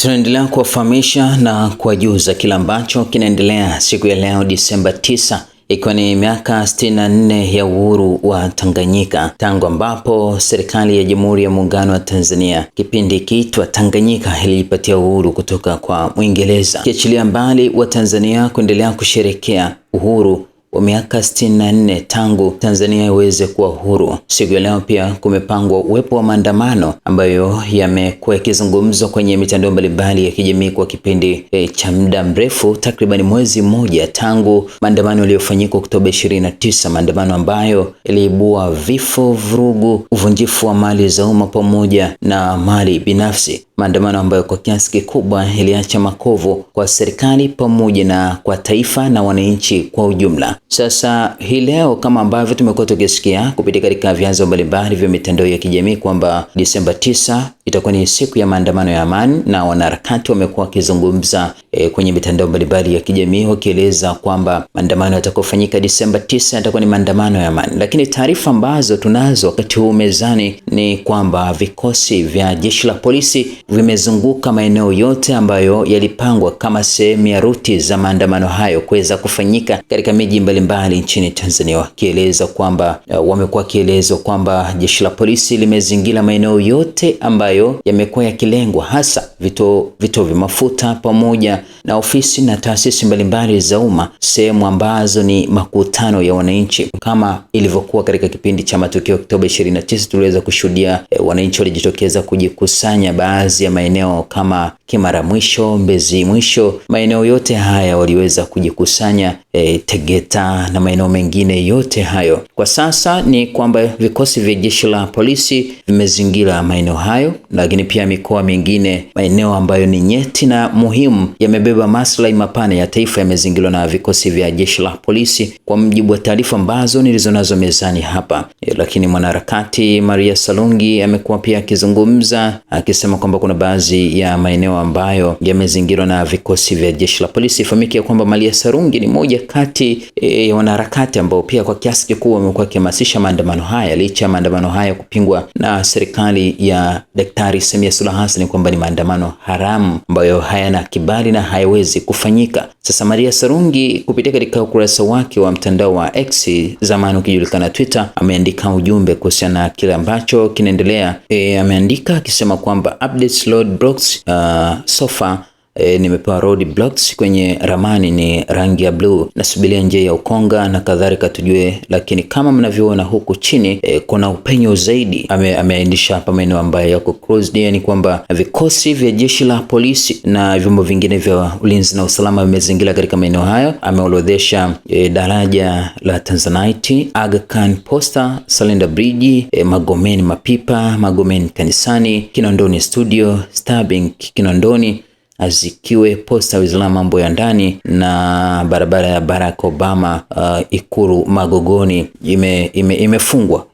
Tunaendelea kuwafahamisha na kuwajuza kila ambacho kinaendelea siku ya leo Disemba 9 ikiwa ni miaka 64 ya uhuru wa Tanganyika tangu ambapo serikali ya Jamhuri ya Muungano wa Tanzania kipindi ikiitwa Tanganyika ilijipatia uhuru kutoka kwa Mwingereza, kiachilia mbali wa Tanzania kuendelea kusherekea uhuru wa miaka 64 tangu Tanzania iweze kuwa huru. Siku ya leo pia kumepangwa uwepo wa maandamano ambayo yamekuwa yakizungumzwa kwenye mitandao mbalimbali ya kijamii kwa kipindi e, cha muda mrefu, takriban mwezi mmoja tangu maandamano yaliyofanyika Oktoba 29, maandamano ambayo yaliibua vifo, vurugu, uvunjifu wa mali za umma pamoja na mali binafsi maandamano ambayo kwa kiasi kikubwa iliacha makovu kwa serikali pamoja na kwa taifa na wananchi kwa ujumla. Sasa hii leo, kama ambavyo tumekuwa tukisikia kupitia katika vyanzo mbalimbali vya mitandao ya kijamii kwamba Disemba 9 itakuwa ni siku ya maandamano ya amani, na wanaharakati wamekuwa wakizungumza e, kwenye mitandao mbalimbali ya kijamii wakieleza kwamba maandamano yatakayofanyika Disemba 9 yatakuwa ni maandamano ya amani. Lakini taarifa ambazo tunazo wakati huu mezani ni kwamba vikosi vya jeshi la polisi vimezunguka maeneo yote ambayo yalipangwa kama sehemu ya ruti za maandamano hayo kuweza kufanyika katika miji mbalimbali nchini Tanzania, wakieleza kwamba eh, wamekuwa wakielezwa kwamba jeshi la polisi limezingira maeneo yote ambayo ambayo yamekuwa yakilengwa hasa vituo vituo vya mafuta pamoja na ofisi na taasisi mbalimbali za umma, sehemu ambazo ni makutano ya wananchi, kama ilivyokuwa katika kipindi cha matukio Oktoba 29 tuliweza kushuhudia e, wananchi walijitokeza kujikusanya baadhi ya maeneo kama Kimara Mwisho, Mbezi Mwisho, maeneo yote haya waliweza kujikusanya e, Tegeta na maeneo mengine yote hayo. Kwa sasa ni kwamba vikosi vya jeshi la polisi vimezingira maeneo hayo, lakini pia mikoa mingine, maeneo ambayo ni nyeti na muhimu yamebeba maslahi mapana ya taifa yamezingirwa na vikosi vya jeshi la polisi, kwa mjibu wa taarifa ambazo nilizonazo mezani hapa e, lakini mwanaharakati Maria Salungi amekuwa pia akizungumza akisema kwamba kuna baadhi ya maeneo ambayo yamezingirwa na vikosi vya jeshi la polisi. Ifahamike kwamba Maria Salungi ni moja kati e, ya e, wanaharakati ambao pia kwa kiasi kikubwa wamekuwa wakihamasisha maandamano haya, licha ya maandamano haya kupingwa na serikali ya Daktari Samia Suluhu Hassan kwamba ni maandamano haramu ambayo hayana kibali na hayawezi kufanyika. Sasa Maria Sarungi kupitia katika ukurasa wake wa mtandao wa X, zamani ukijulikana Twitter, ameandika ujumbe kuhusiana na kile ambacho kinaendelea. E, ameandika akisema kwamba updates load blocks uh, far e, nimepewa road blocks kwenye ramani ni rangi ya blue, nasubilia njia ya Ukonga na kadhalika tujue, lakini kama mnavyoona huku chini e, kuna upenyo zaidi. Ameainisha hapa maeneo ambayo yako closed, yani kwamba vikosi vya jeshi la polisi na vyombo vingine vya ulinzi na usalama vimezingira katika maeneo hayo. Ameorodhesha e, daraja la Tanzanite, Aga Khan Posta, Salenda Bridge, e, Magomeni Mapipa, Magomeni Kanisani, Kinondoni Studio, Starbank Kinondoni azikiwe posta, wizara mambo ya ndani na barabara ya Barack Obama uh, Ikulu Magogoni imefungwa ime, ime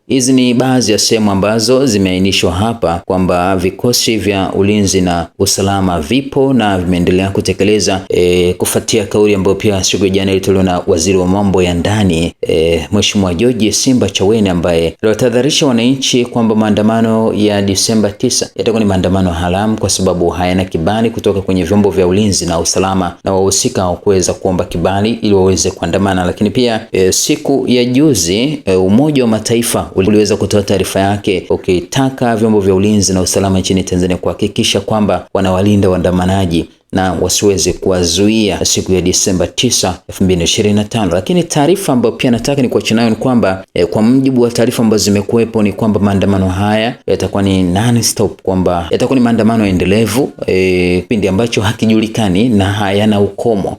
Hizi ni baadhi ya sehemu ambazo zimeainishwa hapa kwamba vikosi vya ulinzi na usalama vipo na vimeendelea kutekeleza e, kufuatia kauli ambayo pia siku ya jana ilitolewa na waziri wa mambo ya ndani e, Mheshimiwa George Simba Chawene ambaye aliwatahadharisha wananchi kwamba maandamano ya Disemba 9 yatakuwa ni maandamano haramu kwa sababu hayana kibali kutoka kwenye vyombo vya ulinzi na usalama na wahusika kuweza kuomba kibali ili waweze kuandamana. Lakini pia e, siku ya juzi e, Umoja wa Mataifa uliweza kutoa taarifa yake ukitaka okay, vyombo vya ulinzi na usalama nchini Tanzania kuhakikisha kwamba wanawalinda waandamanaji na wasiweze kuwazuia siku ya Disemba 9, 2025. Lakini taarifa ambayo pia nataka ni kuachana nayo ni kwamba eh, kwa mujibu wa taarifa ambazo zimekuwepo ni kwamba maandamano haya yatakuwa ni non stop, kwamba yatakuwa ni maandamano endelevu eh, kipindi ambacho hakijulikani na hayana ukomo.